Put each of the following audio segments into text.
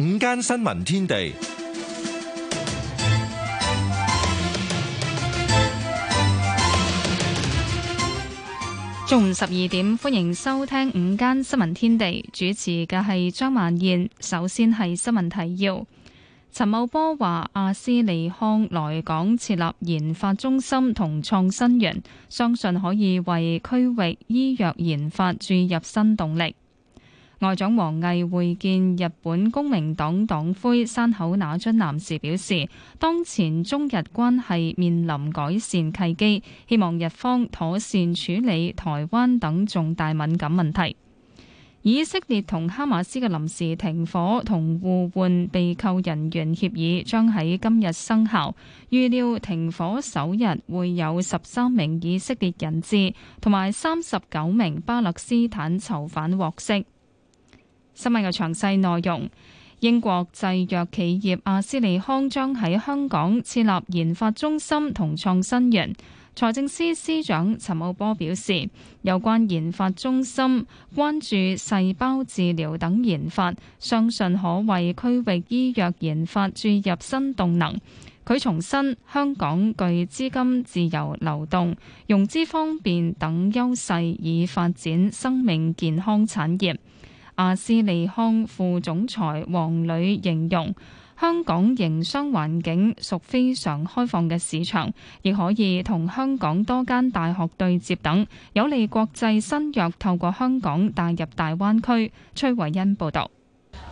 午間新聞天地，中午十二點，歡迎收聽午間新聞天地，主持嘅係張曼燕。首先係新聞提要：陳茂波話，阿斯利康來港設立研發中心同創新園，相信可以為區域醫藥研發注入新動力。外長王毅會見日本公明黨黨魁山口那津男士，表示當前中日關係面臨改善契機，希望日方妥善處理台灣等重大敏感問題。以色列同哈馬斯嘅臨時停火同互換被扣人員協議將喺今日生效，預料停火首日會有十三名以色列人質同埋三十九名巴勒斯坦囚犯獲釋。新聞嘅詳細內容：英國製藥企業阿斯利康將喺香港設立研發中心同創新園。財政司司長陳茂波表示，有關研發中心關注細胞治療等研發，相信可為區域醫藥研發注入新動能。佢重申，香港具資金自由流動、融資方便等優勢，以發展生命健康產業。阿斯利康副總裁王磊形容，香港營商環境屬非常開放嘅市場，亦可以同香港多間大學對接等，有利國際新藥透過香港帶入大灣區。崔維恩報道。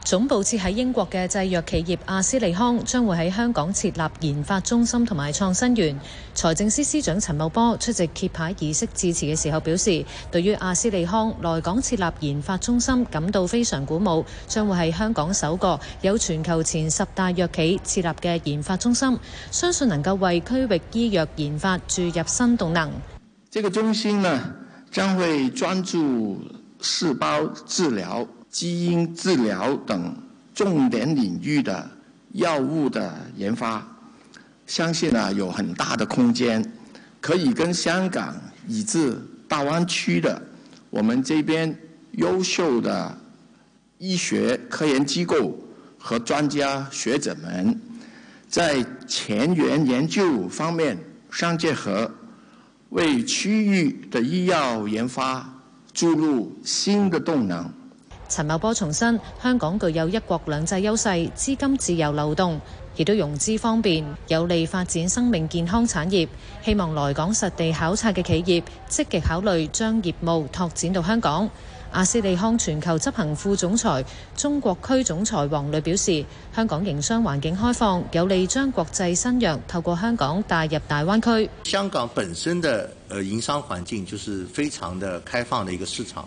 總部設喺英國嘅製藥企業阿斯利康將會喺香港設立研發中心同埋創新園。財政司司長陳茂波出席揭牌儀式致辭嘅時候表示，對於阿斯利康來港設立研發中心感到非常鼓舞，將會係香港首個有全球前十大藥企設立嘅研發中心，相信能夠為區域醫藥研發注入新動能。呢個中心呢，將會專注細胞治療基因治療等重點領域的藥物的研發，相信呢、啊、有很大的空間，可以跟香港以至大灣區的我們這邊優秀的醫學科研機構和專家學者們在前沿研究方面相結合，為區域的醫藥研發注入新的動能。陳茂波重申，香港具有一國兩制優勢，資金自由流動，亦都融資方便，有利發展生命健康產業。希望來港實地考察嘅企業，積極考慮將業務拓展到香港。阿斯利康全球執行副總裁、中國區總裁王磊表示，香港營商環境開放，有利將國際新藥透過香港帶入大灣區。香港本身的呃營商環境就是非常的開放的一個市場。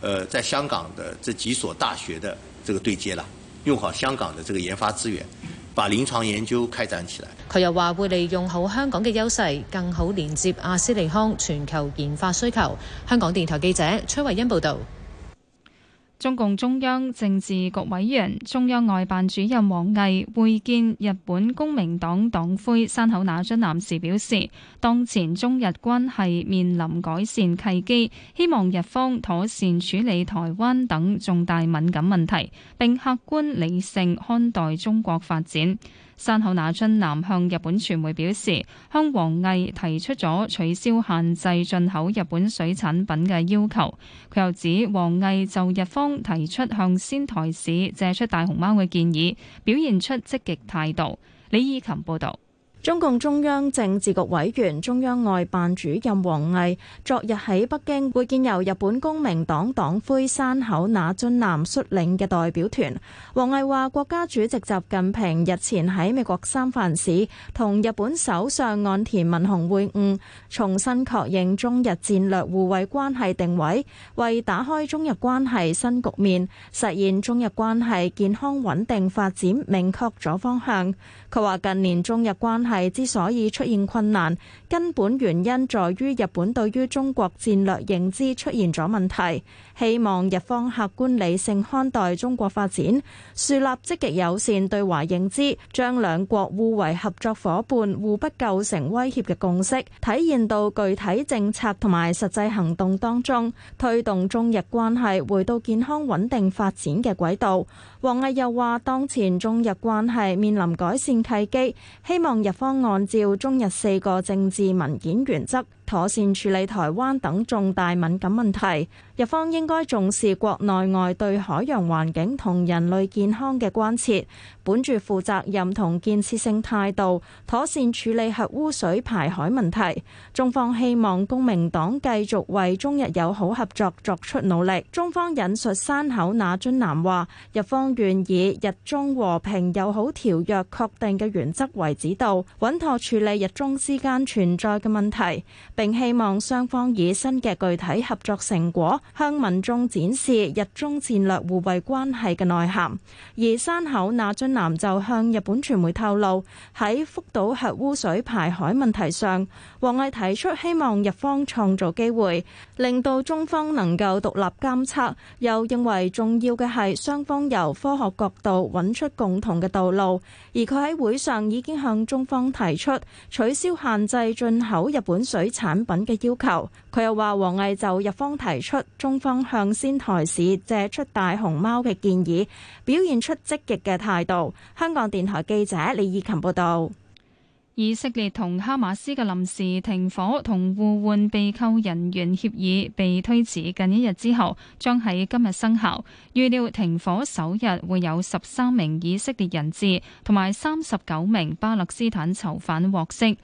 呃，在香港的這幾所大學的這個對接啦，用好香港的這個研發資源，把臨床研究開展起來。佢又話會利用好香港嘅優勢，更好連接阿斯利康全球研發需求。香港電台記者崔慧欣報道。中共中央政治局委員、中央外辦主任王毅會見日本公明黨黨魁山口那津男時表示，當前中日關係面臨改善契機，希望日方妥善處理台灣等重大敏感問題，並客觀理性看待中國發展。山口那津男向日本傳媒表示，向王毅提出咗取消限制進口日本水產品嘅要求。佢又指王毅就日方提出向仙台市借出大熊貓嘅建議，表現出積極態度。李以琴報道。中共中央政治局委員、中央外辦主任王毅昨日喺北京會見由日本公明黨黨魁山口那津男率領嘅代表團。王毅話：國家主席習近平日前喺美國三藩市同日本首相岸田文雄會晤，重新確認中日戰略互惠關係定位，為打開中日關係新局面、實現中日關係健康穩定發展，明確咗方向。佢話：近年中日關係之所以出現困難，根本原因在於日本對於中國戰略認知出現咗問題。希望日方客觀理性看待中國發展，樹立積極友善對華認知，將兩國互為合作伙伴、互不構成威脅嘅共識體現到具體政策同埋實際行動當中，推動中日關係回到健康穩定發展嘅軌道。王毅又話：當前中日關係面臨改善契機，希望日方按照中日四個政治文件原則。妥善處理台灣等重大敏感問題，日方應該重視國內外對海洋環境同人類健康嘅關切，本住負責任同建設性態度，妥善處理核污水排海問題。中方希望公明黨繼續為中日友好合作作出努力。中方引述山口那津男話，日方願以日中和平友好條約確定嘅原則為指導，穩妥處理日中之間存在嘅問題。並希望雙方以新嘅具體合作成果向民眾展示日中戰略互惠關係嘅內涵。而山口那津男就向日本傳媒透露，喺福島核污水排海問題上，王毅提出希望日方創造機會，令到中方能夠獨立監測，又認為重要嘅係雙方由科學角度揾出共同嘅道路。而佢喺會上已經向中方提出取消限制進口日本水產品嘅要求。佢又話王毅就日方提出中方向仙台市借出大熊貓嘅建議表現出積極嘅態度。香港電台記者李以琴報道。以色列同哈馬斯嘅臨時停火同互換被扣人員協議被推遲近一日之後，將喺今日生效。預料停火首日會有十三名以色列人質同埋三十九名巴勒斯坦囚犯獲釋。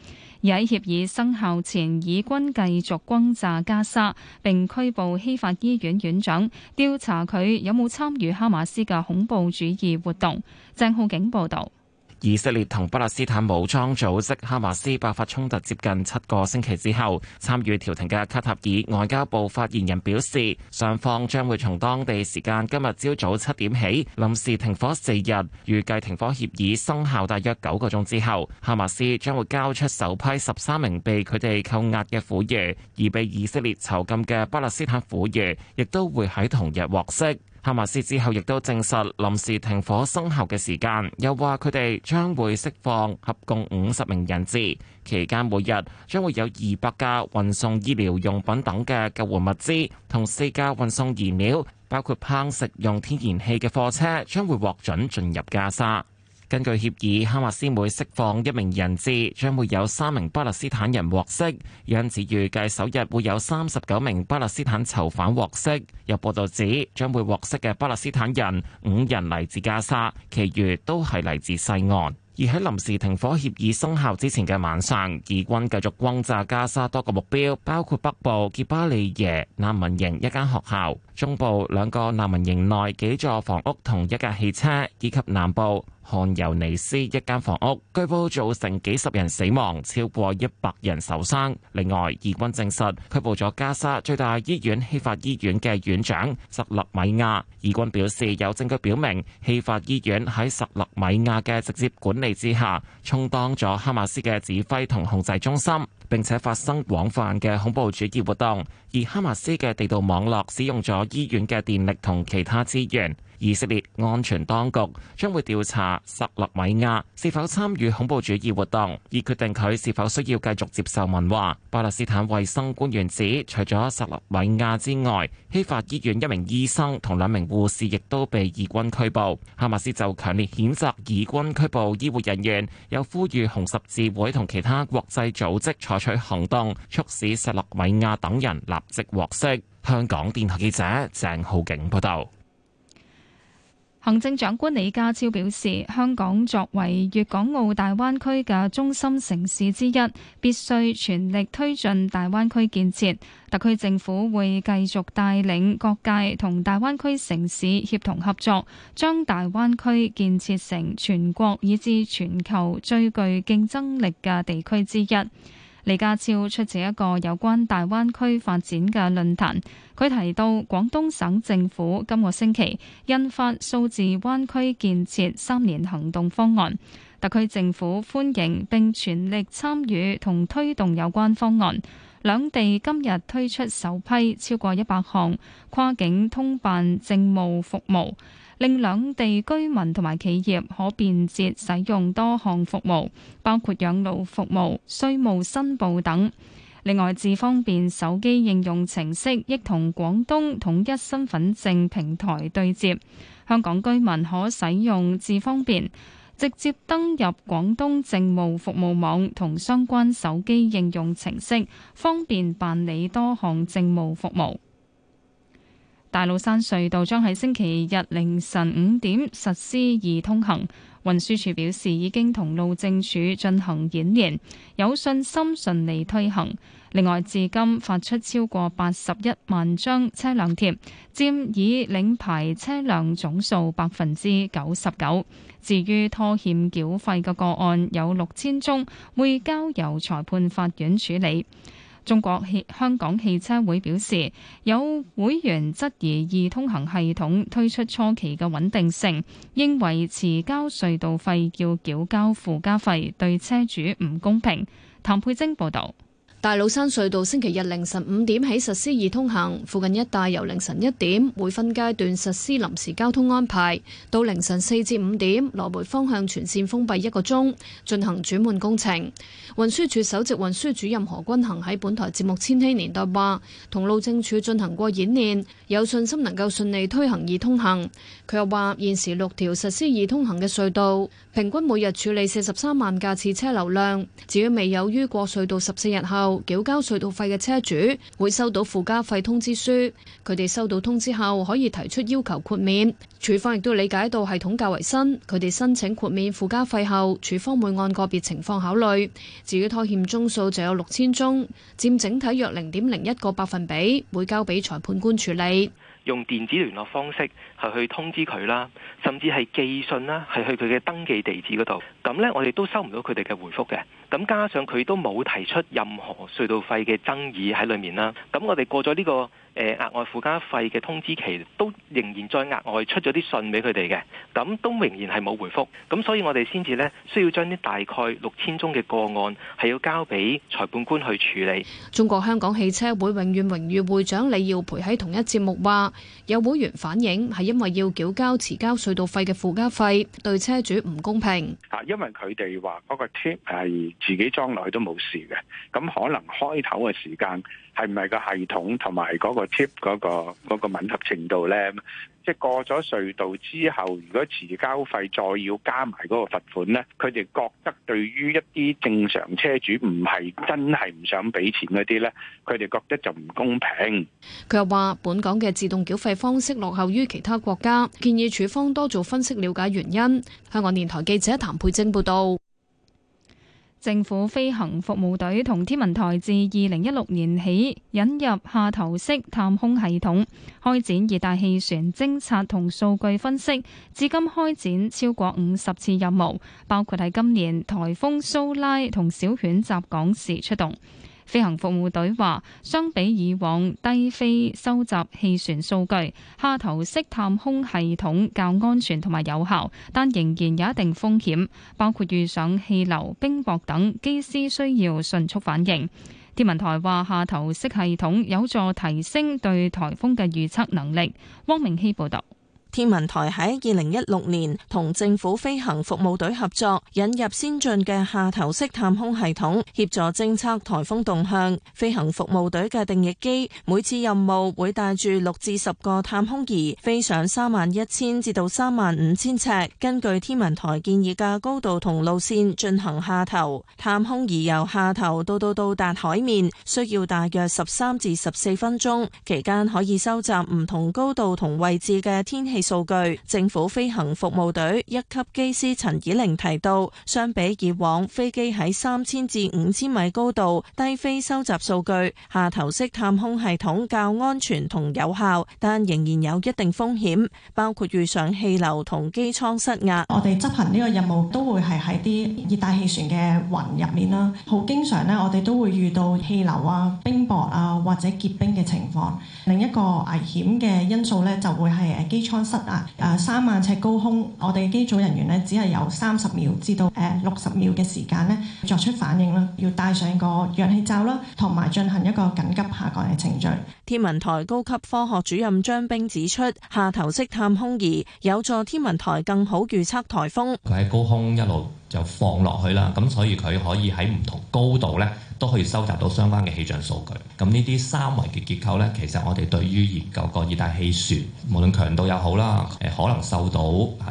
而喺協議生效前，以軍繼續轟炸加沙，並拘捕希法醫院院長，調查佢有冇參與哈馬斯嘅恐怖主義活動。鄭浩景報道。以色列同巴勒斯坦武裝組織哈馬斯爆發衝突接近七個星期之後，參與調停嘅卡塔爾外交部發言人表示，雙方將會從當地時間今日朝早七點起臨時停火四日，預計停火協議生效大約九個鐘之後，哈馬斯將會交出首批十三名被佢哋扣押嘅婦孺，而被以色列囚禁嘅巴勒斯坦婦孺亦都會喺同日獲釋。哈馬斯之後亦都證實臨時停火生效嘅時間，又話佢哋將會釋放合共五十名人質，期間每日將會有二百架運送醫療用品等嘅救援物資，同四架運送燃料，包括烹食用天然氣嘅貨車，將會獲准進入加沙。根據協議，哈馬斯每釋放一名人質，將會有三名巴勒斯坦人獲釋。因此預計首日會有三十九名巴勒斯坦囚犯獲釋。有報道指，將會獲釋嘅巴勒斯坦人五人嚟自加沙，其餘都係嚟自西岸。而喺臨時停火協議生效之前嘅晚上，以軍繼續轟炸加沙多個目標，包括北部杰巴利耶難民營一間學校、中部兩個難民營內幾座房屋同一架汽車，以及南部。漢尤尼斯一間房屋據報造成幾十人死亡，超過一百人受傷，另外，義軍證實拘捕咗加沙最大醫院希法醫院嘅院長薩勒米亞，義軍表示有證據表明希法醫院喺薩勒米亞嘅直接管理之下，充當咗哈馬斯嘅指揮同控制中心，並且發生廣泛嘅恐怖主義活動，而哈馬斯嘅地道網絡使用咗醫院嘅電力同其他資源。以色列安全當局將會調查薩勒米亞是否參與恐怖主義活動，以決定佢是否需要繼續接受問話。巴勒斯坦衛生官員指，除咗薩勒米亞之外，希法醫院一名醫生同兩名護士亦都被以軍拘捕。哈馬斯就強烈譴責以軍拘捕醫護人員，又呼籲紅十字會同其他國際組織採取行動，促使薩勒米亞等人立即獲釋。香港電台記者鄭浩景報道。行政長官李家超表示，香港作為粵港澳大灣區嘅中心城市之一，必須全力推進大灣區建設。特區政府會繼續帶領各界同大灣區城市協同合作，將大灣區建設成全國以至全球最具競爭力嘅地區之一。李家超出席一個有關大灣區發展嘅論壇，佢提到廣東省政府今個星期印發數字灣區建設三年行動方案，特區政府歡迎並全力參與同推動有關方案。兩地今日推出首批超過一百項跨境通辦政務服務。令兩地居民同埋企業可便捷使用多項服務，包括養老服務、稅務申報等。另外，智方便手機應用程式亦同廣東統一身份證平台對接，香港居民可使用智方便直接登入廣東政務服務網同相關手機應用程式，方便辦理多項政務服務。大老山隧道將喺星期日凌晨五點實施易通行。運輸署表示已經同路政署進行演練，有信心順利推行。另外，至今發出超過八十一萬張車輛貼，佔已領牌車輛總數百分之九十九。至於拖欠繳費嘅個案，有六千宗，會交由裁判法院處理。中國汽香港汽車會表示，有會員質疑易通行系統推出初期嘅穩定性，認為遲交隧道費要繳交附加費，對車主唔公平。譚佩晶報導。大老山隧道星期日凌晨五點起實施易通行，附近一帶由凌晨一點會分階段實施臨時交通安排，到凌晨四至五點，羅湖方向全線封閉一個鐘，進行轉換工程。運輸署首席運輸主任何君衡喺本台節目《千禧年代》話，同路政處進行過演練，有信心能夠順利推行易通行。佢又話，現時六條實施易通行嘅隧道，平均每日處理四十三萬架次車流量。至於未有於過隧道十四日後繳交隧道費嘅車主，會收到附加費通知書。佢哋收到通知後，可以提出要求豁免。署方亦都理解到系統較為新，佢哋申請豁免附加費後，署方會按個別情況考慮。至於拖欠宗數就有六千宗，佔整體約零點零一個百分比，會交俾裁判官處理。用電子聯絡方式係去通知佢啦，甚至係寄信啦，係去佢嘅登記地址嗰度。咁呢，我哋都收唔到佢哋嘅回覆嘅。咁加上佢都冇提出任何隧道費嘅爭議喺裡面啦。咁我哋過咗呢個。誒、呃、額外附加費嘅通知期都仍然再額外出咗啲信俾佢哋嘅，咁都仍然係冇回覆，咁所以我哋先至呢，需要將啲大概六千宗嘅個案係要交俾裁判官去處理。中國香港汽車會永遠榮譽會長李耀培喺同一節目話：有會員反映係因為要繳交遲交隧道費嘅附加費對車主唔公平。啊，因為佢哋話嗰個貼係自己裝落去都冇事嘅，咁可能開頭嘅時間。係咪係個系統同埋嗰個貼嗰個吻合程度呢？即係過咗隧道之後，如果遲交費再要加埋嗰個罰款呢？佢哋覺得對於一啲正常車主唔係真係唔想俾錢嗰啲呢，佢哋覺得就唔公平。佢又話：本港嘅自動繳費方式落後於其他國家，建議署方多做分析，了解原因。香港電台記者譚佩晶報道。政府飛行服務隊同天文台自二零一六年起引入下投式探空系統，開展熱帶氣旋偵察同數據分析，至今開展超過五十次任務，包括喺今年台風蘇拉同小犬襲港時出動。飛行服務隊話，相比以往低飛收集氣旋數據，下投式探空系統較安全同埋有效，但仍然有一定風險，包括遇上氣流、冰雹等，機師需要迅速反應。天文台話，下投式系統有助提升對颱風嘅預測能力。汪明希報導。天文台喺二零一六年同政府飛行服務隊合作，引入先進嘅下投式探空系統，協助偵測颱風動向。飛行服務隊嘅定翼機每次任務會帶住六至十個探空儀飛上三萬一千至到三萬五千尺，根據天文台建議嘅高度同路綫進行下投探空儀，由下投到到到達海面，需要大約十三至十四分鐘，期間可以收集唔同高度同位置嘅天氣數據，政府飛行服務隊一級機師陳以玲提到，相比以往飛機喺三千至五千米高度低飛收集數據，下投式探空系統較安全同有效，但仍然有一定風險，包括遇上氣流同機艙失壓。我哋執行呢個任務都會係喺啲熱帶氣旋嘅雲入面啦，好經常咧，我哋都會遇到氣流啊、冰雹啊或者結冰嘅情況。另一個危險嘅因素咧，就會係誒機艙失三萬尺高空，我哋機組人員咧，只係有三十秒至到六十秒嘅時間咧，作出反應啦，要戴上個氧氣罩啦，同埋進行一個緊急下降嘅程序。天文台高級科學主任張冰指出，下投式探空儀有助天文台更好預測颱風。佢喺高空一路，就放落去啦，咁所以佢可以喺唔同高度咧，都可以收集到相關嘅氣象數據。咁呢啲三維嘅結構咧，其實我哋對於研究個熱帶氣旋，無論強度又好啦，誒可能受到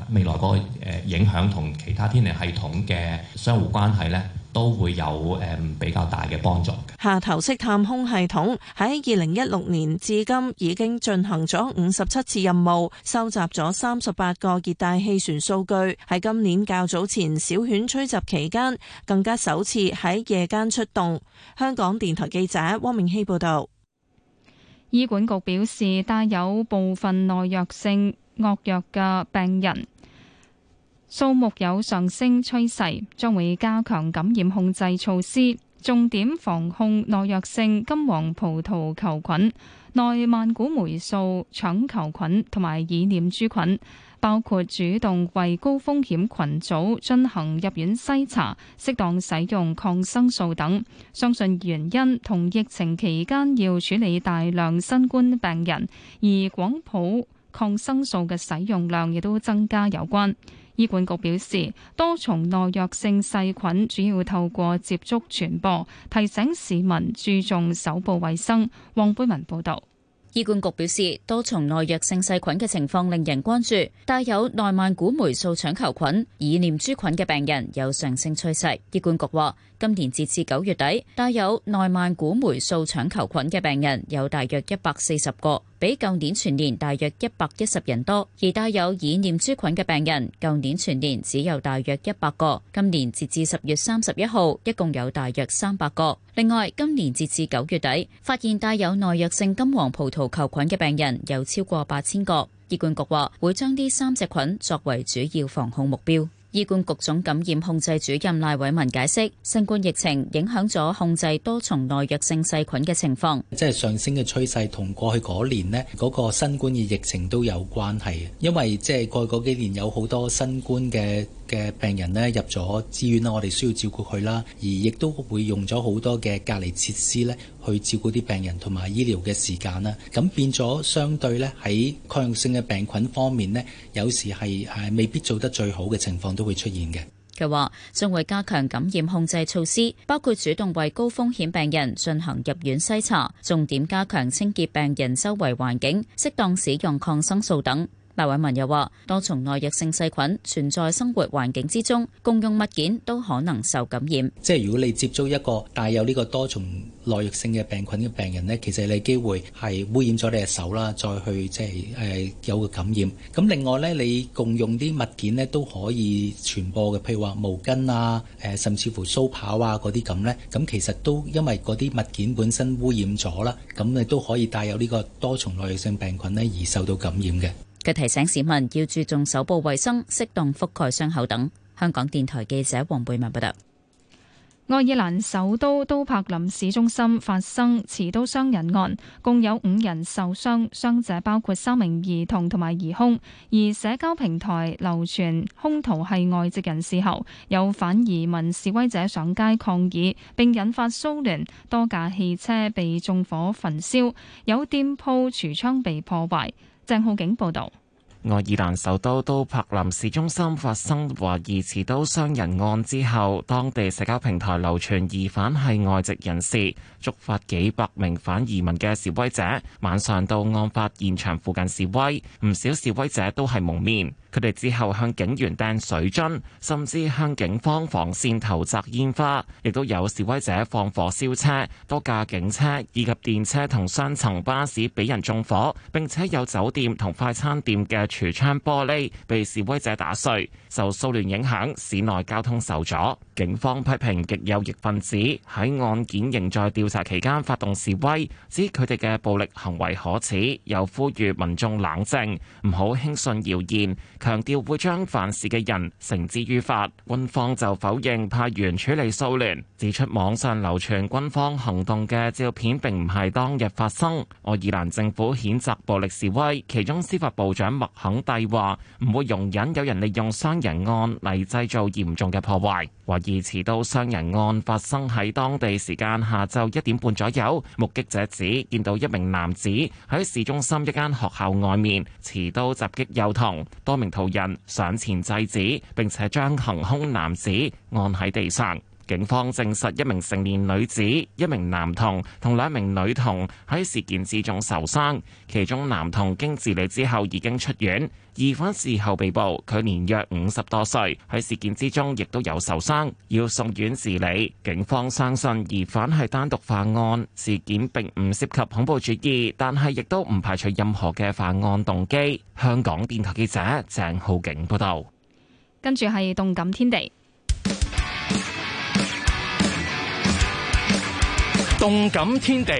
未來個誒影響同其他天氣系統嘅相互關係咧。都會有誒比較大嘅幫助。下投式探空系統喺二零一六年至今已經進行咗五十七次任務，收集咗三十八個熱帶氣旋數據，喺今年較早前小犬吹襲期間更加首次喺夜間出動。香港電台記者汪明熙報道。醫管局表示，帶有部分耐藥性惡藥嘅病人，數目有上升趨勢，將會加強感染控制措施，重點防控耐藥性金黃葡萄球菌、內萬古霉素腸球菌同埋耳念珠菌，包括主動為高風險群組進行入院篩查，適當使用抗生素等。相信原因同疫情期間要處理大量新冠病人，而廣譜抗生素嘅使用量亦都增加有關。醫管局表示，多重耐藥性細菌主要透過接觸傳播，提醒市民注重手部衛生。黃貝文報導。醫管局表示，多重耐藥性細菌嘅情況令人關注，帶有耐萬古黴素腸球菌、以念珠菌嘅病人有上升趨勢。醫管局話，今年截至九月底，帶有耐萬古黴素腸球菌嘅病人有大約一百四十個。比舊年全年大約一百一十人多，而帶有耳念珠菌嘅病人，舊年全年只有大約一百個，今年截至十月三十一號，一共有大約三百個。另外，今年截至九月底，發現帶有耐藥性金黃葡萄球菌嘅病人有超過八千個。醫管局話會將呢三隻菌作為主要防控目標。醫管局總感染控制主任賴偉文解釋，新冠疫情影響咗控制多重耐藥性細菌嘅情況，即係上升嘅趨勢同過去嗰年呢嗰個新冠嘅疫情都有關係，因為即係過去嗰幾年有好多新冠嘅。嘅病人呢入咗醫院啦，我哋需要照顧佢啦，而亦都會用咗好多嘅隔離設施呢去照顧啲病人同埋醫療嘅時間啦。咁變咗相對呢喺抗性嘅病菌方面呢，有時係係未必做得最好嘅情況都會出現嘅。佢話將會加強感染控制措施，包括主動為高風險病人進行入院篩查，重點加強清潔病人周圍環境，適當使用抗生素等。賴偉文又話：多重耐藥性細菌存在生活環境之中，共用物件都可能受感染。即係如果你接觸一個帶有呢個多重耐藥性嘅病菌嘅病人呢，其實你機會係污染咗你嘅手啦，再去即係誒有個感染。咁另外呢，你共用啲物件呢都可以傳播嘅，譬如話毛巾啊、誒甚至乎鬚刨啊嗰啲咁呢。咁其實都因為嗰啲物件本身污染咗啦，咁你都可以帶有呢個多重耐藥性病菌呢而受到感染嘅。佢提醒市民要注重手部衛生、適當覆蓋傷口等。香港電台記者黃貝文報道，愛爾蘭首都都柏林市中心發生持刀傷人案，共有五人受傷，傷者包括三名兒童同埋疑兇。而社交平台流傳兇徒係外籍人士後，有反移民示威者上街抗議，並引發騷亂，多架汽車被縱火焚燒，有店鋪櫥窗被破壞。鄭浩景報道：愛爾蘭首都都柏林市中心發生懷疑持刀傷人案之後，當地社交平台流傳疑犯係外籍人士，觸發幾百名反移民嘅示威者晚上到案發現場附近示威，唔少示威者都係蒙面。佢哋之後向警員掟水樽，甚至向警方防線投擲煙花，亦都有示威者放火燒車，多架警車以及電車同雙層巴士俾人縱火，並且有酒店同快餐店嘅櫥窗玻璃被示威者打碎，受騷亂影響，市內交通受阻。警方批評極右翼分子喺案件仍在調查期間發動示威，指佢哋嘅暴力行為可恥，又呼籲民眾冷靜，唔好輕信謠言，強調會將犯事嘅人繩之於法。軍方就否認派員處理騷亂，指出網上流傳軍方行動嘅照片並唔係當日發生。愛爾蘭政府譴責暴力示威，其中司法部長麥肯蒂話唔會容忍有人利用傷人案嚟製造嚴重嘅破壞。而持刀傷人案發生喺當地時間下晝一點半左右，目擊者指見到一名男子喺市中心一間學校外面持刀襲擊幼童，多名途人上前制止，並且將行凶男子按喺地上。警方證實一名成年女子、一名男童同兩名女童喺事件之中受傷，其中男童經治理之後已經出院。疑犯事後被捕，佢年約五十多歲，喺事件之中亦都有受傷，要送院治理。警方相信疑犯係單獨犯案，事件並唔涉及恐怖主義，但係亦都唔排除任何嘅犯案動機。香港電台記者鄭浩景報道。跟住係動感天地。動感天地。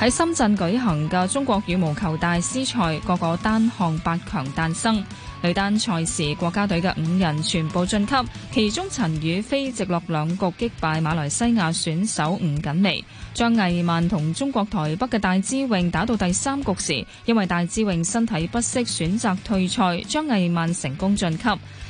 喺深圳舉行嘅中國羽毛球大師賽，各個單項八強誕生。女單賽事國家隊嘅五人全部晉級，其中陳雨菲直落兩局擊敗馬來西亞選手吳錦薇。張藝曼同中國台北嘅戴資穎打到第三局時，因為戴資穎身體不適，選擇退賽，張藝曼成功晉級。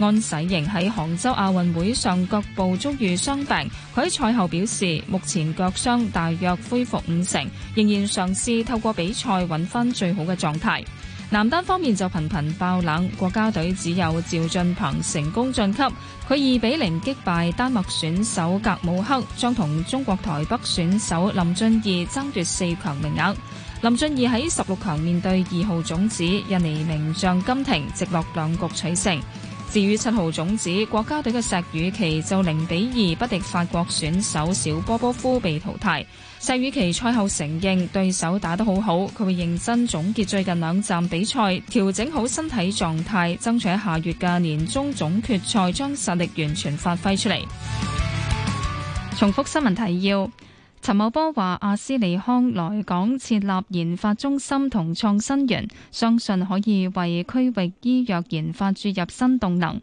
安洗瑩喺杭州亞運會上腳部遭遇傷病，佢喺賽後表示，目前腳傷大約恢復五成，仍然嘗試透過比賽揾翻最好嘅狀態。男單方面就頻頻爆冷，國家隊只有趙俊鵬成功晉級，佢二比零擊敗丹麥選手格姆克，將同中國台北選手林俊易爭奪四強名額。林俊易喺十六強面對二號種子印尼名將金廷，直落兩局取勝。至於七號種子國家隊嘅石宇奇就零比二不敵法國選手小波波夫，被淘汰。石宇奇賽後承認對手打得好好，佢會認真總結最近兩站比賽，調整好身體狀態，爭取下月嘅年終總決賽將實力完全發揮出嚟。重複新聞提要。陳茂波話：阿斯利康來港設立研發中心同創新園，相信可以為區域醫藥研發注入新動能。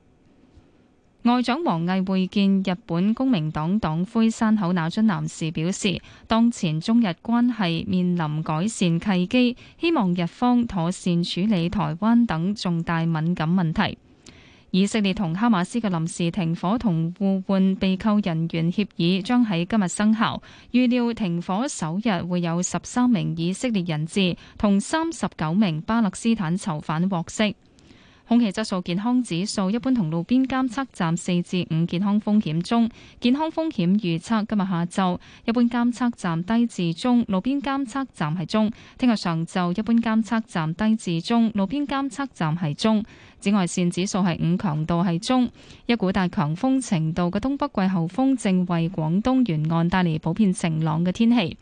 外長王毅會見日本公明黨黨魁山口那津男時，表示，當前中日關係面臨改善契機，希望日方妥善處理台灣等重大敏感問題。以色列同哈馬斯嘅臨時停火同互換被扣人員協議將喺今日生效，預料停火首日會有十三名以色列人質同三十九名巴勒斯坦囚犯獲釋。空氣質素健康指數一般同路邊監測站四至五，健康風險中。健康風險預測今日下晝一般監測站低至中，路邊監測站係中。聽日上晝一般監測站低至中，路邊監測站係中。紫外線指數係五，強度係中。一股大強風程度嘅東北季候風正為廣東沿岸帶嚟普遍晴朗嘅天氣。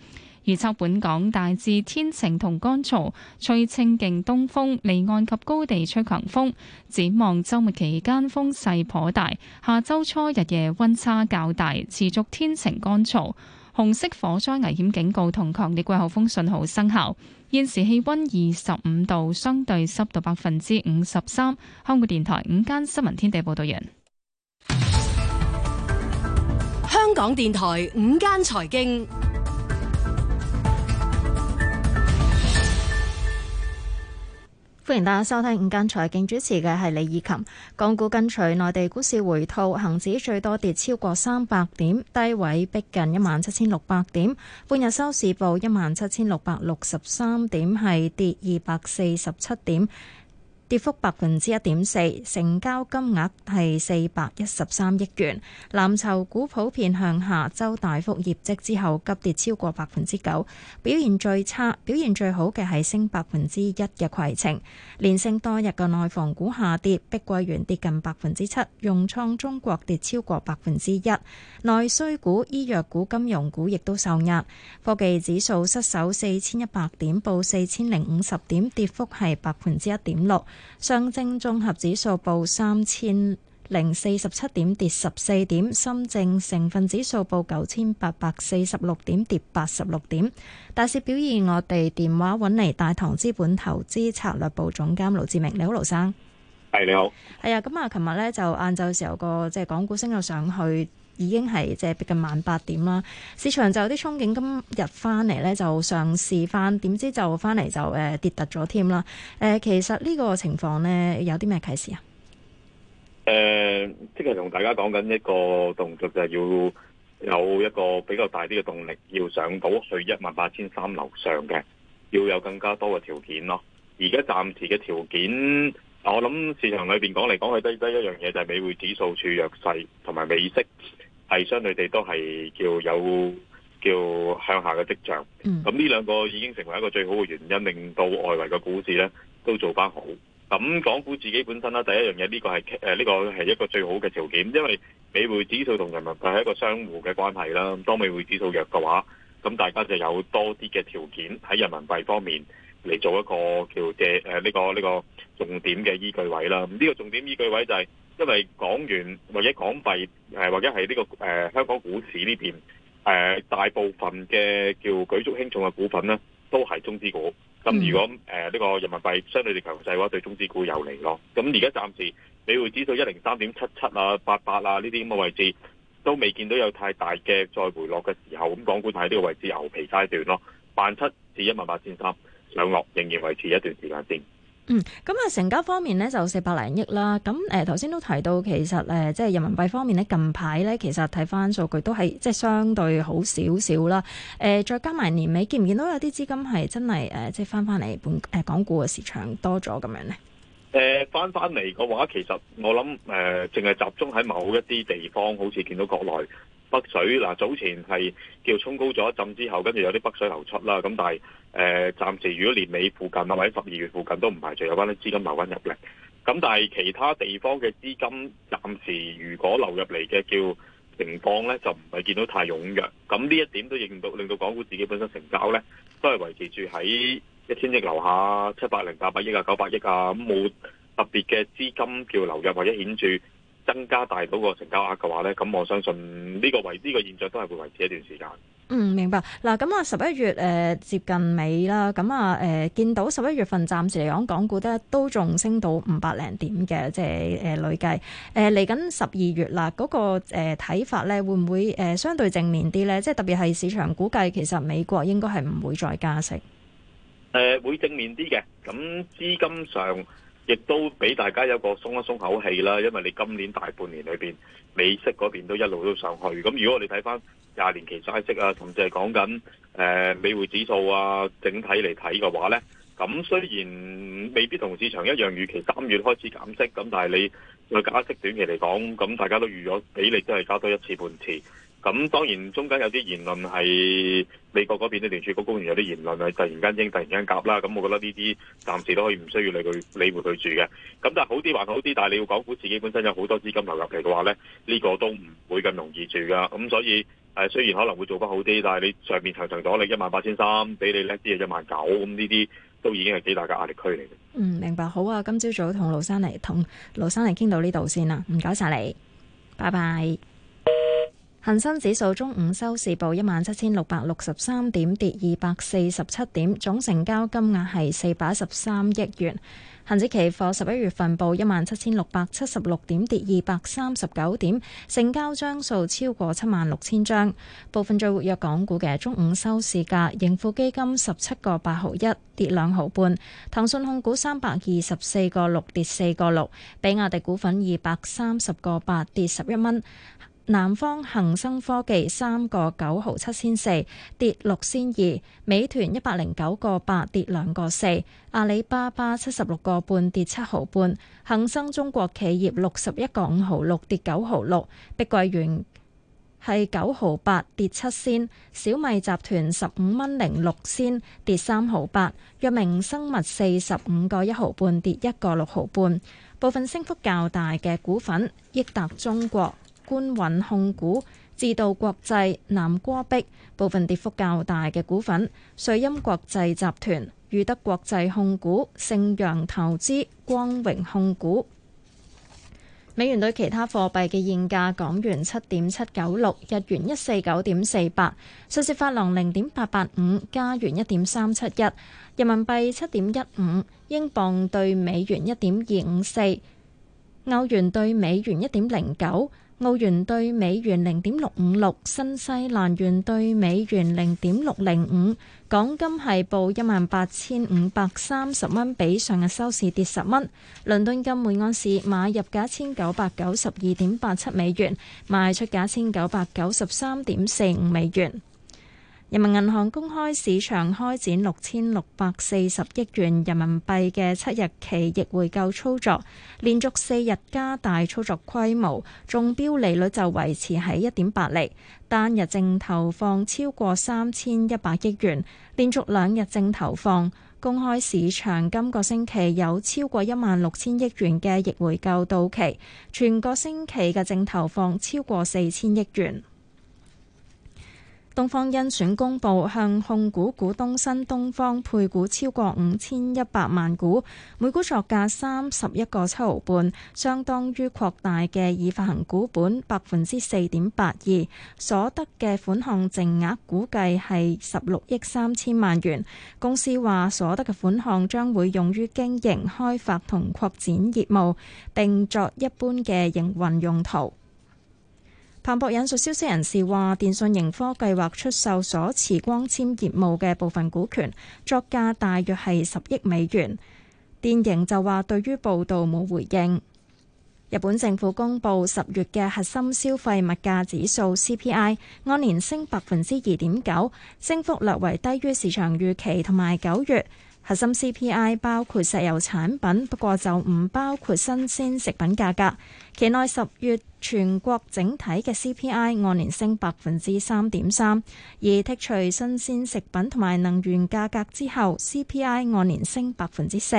預測本港大致天晴同乾燥，吹清勁東風，離岸及高地吹強風。展望周末期間風勢頗大，下周初日夜溫差較大，持續天晴乾燥。紅色火災危險警告同強烈季候風信號生效。現時氣溫二十五度，相對濕度百分之五十三。香港電台午間新聞天地報道員，香港電台午間財經。歡迎大家收聽午間財經，主持嘅係李以琴。港股跟隨內地股市回吐，恒指最多跌超過三百點，低位逼近一萬七千六百點。半日收市報一萬七千六百六十三點，係跌二百四十七點。跌幅百分之一點四，成交金額係四百一十三億元。藍籌股普遍向下，周大福業績之後急跌超過百分之九，表現最差。表現最好嘅係升百分之一嘅攜程。連升多日嘅內房股下跌，碧桂園跌近百分之七，融創中國跌超過百分之一。內需股、醫藥股、金融股亦都受壓。科技指數失守四千一百點，報四千零五十點，跌幅係百分之一點六。上證綜合指數報三千零四十七點，跌十四點；深證成分指數報九千八百四十六點，跌八十六點。大市表現，我哋電話揾嚟，大唐資本投資策略部總監盧志明，你好，盧生。係你好。係啊，咁啊，琴日，呢就晏晝時候個即係港股升咗上去。已經係即係逼近萬八點啦，市場就有啲憧憬，今日翻嚟呢就上試翻，點知就翻嚟就誒跌突咗添啦。誒、呃，其實呢個情況呢，有啲咩啟示啊？誒、呃，即係同大家講緊一個動作，就係要有一個比較大啲嘅動力，要上到去一萬八千三樓上嘅，要有更加多嘅條件咯。而家暫時嘅條件，我諗市場裏邊講嚟講去，都得一樣嘢就係美匯指數處弱勢同埋美息。係相對地都係叫有叫向下嘅跡象，咁呢兩個已經成為一個最好嘅原因，令到外圍嘅股市咧都做翻好。咁港股自己本身啦，第一樣嘢呢個係誒呢個係一個最好嘅條件，因為美匯指數同人民幣係一個相互嘅關係啦。當美匯指數弱嘅話，咁大家就有多啲嘅條件喺人民幣方面嚟做一個叫嘅誒呢個呢、這個這個重點嘅依據位啦。咁、這、呢個重點依據位就係、是。因為港元或者港幣，誒或者係呢、這個誒、呃、香港股市呢邊，誒、呃、大部分嘅叫舉足輕重嘅股份呢，都係中資股。咁如果誒呢、呃這個人民幣相對地強勢嘅話，對中資股有利咯。咁而家暫時你會知道，一零三點七七啊、八八啊呢啲咁嘅位置，都未見到有太大嘅再回落嘅時候，咁、嗯、港股睇呢個位置牛皮階段咯，萬七至一萬八千三上落仍然維持一段時間先。嗯，咁啊成交方面咧就四百零億啦。咁誒，頭先都提到其實誒，即係人民幣方面咧近排咧，其實睇翻數據都係即係相對好少少啦。誒，再加埋年尾見唔見到有啲資金係真係誒，即係翻翻嚟本誒、呃、港股嘅市場多咗咁樣咧。誒翻翻嚟嘅話，其實我諗誒，淨、呃、係集中喺某一啲地方，好似見到國內北水嗱、呃，早前係叫衝高咗一陣之後，跟住有啲北水流出啦。咁、啊、但係誒，暫、呃、時如果年尾附近啊，或者十二月附近都唔排除有翻啲資金流翻入嚟。咁、啊、但係其他地方嘅資金暫時如果流入嚟嘅叫情況咧，就唔係見到太踴躍。咁、啊、呢一點都令到令到港股自己本身成交咧，都係維持住喺一千億樓下，七百零八百億啊，九百億啊，咁冇特別嘅資金叫流入或者顯著增加大到個成交額嘅話咧，咁我相信呢個維呢、這個現象都係會維持一段時間。嗯，明白嗱。咁啊，十一月誒、呃、接近尾啦，咁啊誒見到十一月份暫時嚟講，港股咧都仲升到五百零點嘅，即係、呃、誒累計誒嚟緊十二月啦。嗰、那個誒睇、呃、法咧會唔會誒、呃、相對正面啲咧？即係特別係市場估計，其實美國應該係唔會再加息。誒會正面啲嘅，咁資金上亦都俾大家有個鬆一鬆口氣啦，因為你今年大半年裏邊美息嗰邊都一路都上去，咁如果我哋睇翻廿年期債息啊，同即係講緊誒美匯指數啊，整體嚟睇嘅話呢，咁雖然未必同市場一樣預期三月開始減息，咁但係你個加息短期嚟講，咁大家都預咗，比例都係加多一次半次。咁當然中間有啲言論係美國嗰邊啲聯儲局高官有啲言論係突然間應突然間夾啦，咁我覺得呢啲暫時都可以唔需要你去理會佢住嘅。咁但係好啲還好啲，但係你要港股自己本身有好多資金流入期嘅話咧，呢、這個都唔會咁容易住噶。咁所以誒，雖然可能會做得好啲，但係你上面層層阻力你一萬八千三，俾你叻啲，係一萬九，咁呢啲都已經係幾大嘅壓力區嚟嘅。嗯，明白，好啊。今朝早同盧生嚟同盧生嚟傾到呢度先啦，唔該晒你，拜拜。恒生指數中午收市報一萬七千六百六十三點，跌二百四十七點，總成交金額係四百一十三億元。恒指期貨十一月份報一萬七千六百七十六點，跌二百三十九點，成交張數超過七萬六千張。部分最活躍港股嘅中午收市價：盈富基金十七個八毫一，跌兩毫半；騰訊控股三百二十四個六，跌四個六；比亞迪股份二百三十個八，跌十一蚊。南方恒生科技三個九毫七仙四跌六仙二，美團一百零九個八跌兩個四，阿里巴巴七十六個半跌七毫半，恒生中國企業六十一個五毫六跌九毫六，碧桂園係九毫八跌七仙，小米集團十五蚊零六仙跌三毫八，藥明生物四十五個一毫半跌一個六毫半。部分升幅較大嘅股份，益達中國、官韻控股、智道國際、南戈壁，部分跌幅較大嘅股份，瑞音國際集團、裕德國際控股、盛陽投資、光榮控股。美元對其他貨幣嘅現價：港元七點七九六，日元一四九點四八，瑞士法郎零點八八五，加元一點三七一，人民幣七點一五，英鎊兌美元一點二五四，歐元兌美元一點零九。澳元兌美元零點六五六，新西蘭元兌美元零點六零五，港金係報一萬八千五百三十蚊，比上日收市跌十蚊。倫敦金每盎司買入價一千九百九十二點八七美元，賣出價一千九百九十三點四五美元。人民銀行公開市場開展六千六百四十億元人民幣嘅七日期逆回購操作，連續四日加大操作規模，中標利率就維持喺一點八厘，單日淨投放超過三千一百億元，連續兩日淨投放。公開市場今個星期有超過一萬六千億元嘅逆回購到期，全個星期嘅淨投放超過四千億元。東方甄選公布向控股股東新東方配股超過五千一百萬股，每股作價三十一個七毫半，相當於擴大嘅已發行股本百分之四點八二，所得嘅款項淨額估計係十六億三千萬元。公司話所得嘅款項將會用於經營、開發同擴展業務，並作一般嘅營運用途。彭博引述消息人士話，電訊盈科計劃出售所持光纖業務嘅部分股權，作價大約係十億美元。電盈就話對於報道冇回應，日本政府公布十月嘅核心消費物價指數 CPI 按年升百分之二點九，升幅略為低於市場預期同埋九月。核心 CPI 包括石油產品，不過就唔包括新鮮食品價格。期內十月全國整體嘅 CPI 按年升百分之三點三，而剔除新鮮食品同埋能源價格之後，CPI 按年升百分之四。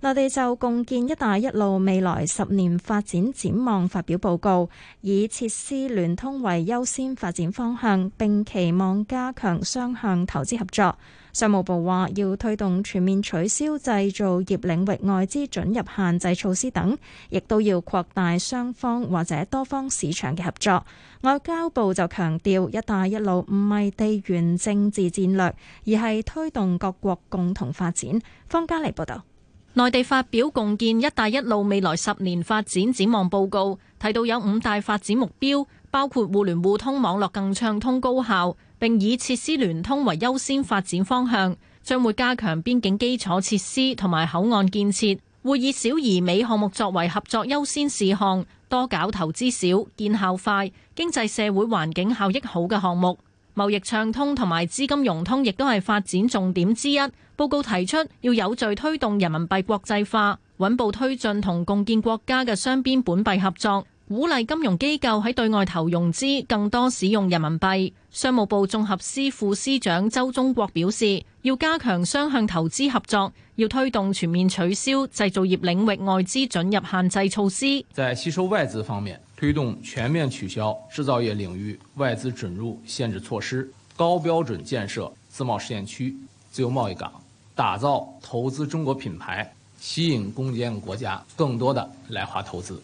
內地就共建「一帶一路」未來十年發展展望發表報告，以設施聯通為優先發展方向，並期望加強雙向投資合作。商務部話要推動全面取消製造業領域外資准入限制措施等，亦都要擴大雙方或者多方市場嘅合作。外交部就強調，一帶一路唔係地緣政治戰略，而係推動各國共同發展。方嘉莉報道，內地發表共建一帶一路未來十年發展展望報告，提到有五大發展目標，包括互聯互通網絡更暢通高效。並以設施聯通為優先發展方向，將會加強邊境基礎設施同埋口岸建設，會以小而美項目作為合作優先事項，多搞投資少、見效快、經濟社會環境效益好嘅項目。貿易暢通同埋資金融通亦都係發展重點之一。報告提出，要有序推動人民幣國際化，穩步推進同共建國家嘅雙邊本幣合作。鼓勵金融機構喺對外投融資更多使用人民幣。商務部綜合司副司長周忠國表示，要加強雙向投資合作，要推動全面取消製造業領域外資准入限制措施。在吸收外資方面，推動全面取消製造業領域外資准入限制措施，高標準建設自貿試驗區、自由貿易港，打造投資中國品牌，吸引共建國家更多的來華投資。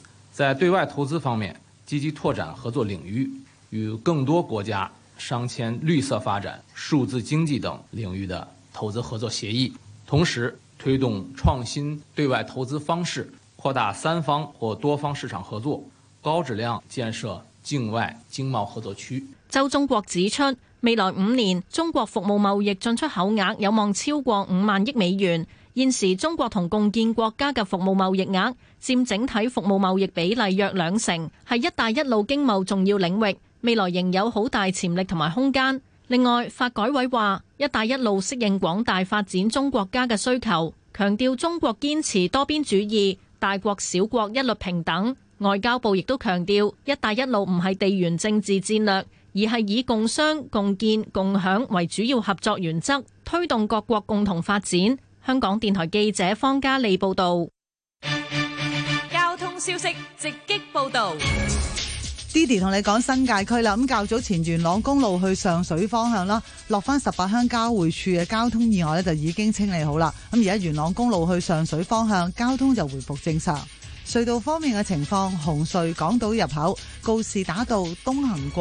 在對外投資方面，積極拓展合作領域，與更多國家商簽綠色發展、數字經濟等領域的投資合作協議，同時推動創新對外投資方式，擴大三方或多方市場合作，高質量建設境外經貿合作區。周中國指出，未來五年，中國服務貿易進出口額有望超過五萬億美元。現時中國同共建國家嘅服務貿易額佔整體服務貿易比例約兩成，係一帶一路經貿重要領域，未來仍有好大潛力同埋空間。另外，發改委話一帶一路適應廣大發展中國家嘅需求，強調中國堅持多邊主義，大國小國一律平等。外交部亦都強調一帶一路唔係地緣政治戰略，而係以共商共建共享為主要合作原則，推動各國共同發展。香港電台記者方嘉莉報道。交通消息直擊報道，Diddy 同你講新界區啦。咁較早前元朗公路去上水方向啦，落翻十八鄉交匯處嘅交通意外咧就已經清理好啦。咁而家元朗公路去上水方向交通就回復正常。隧道方面嘅情況，紅隧港島入口告士打道東行過。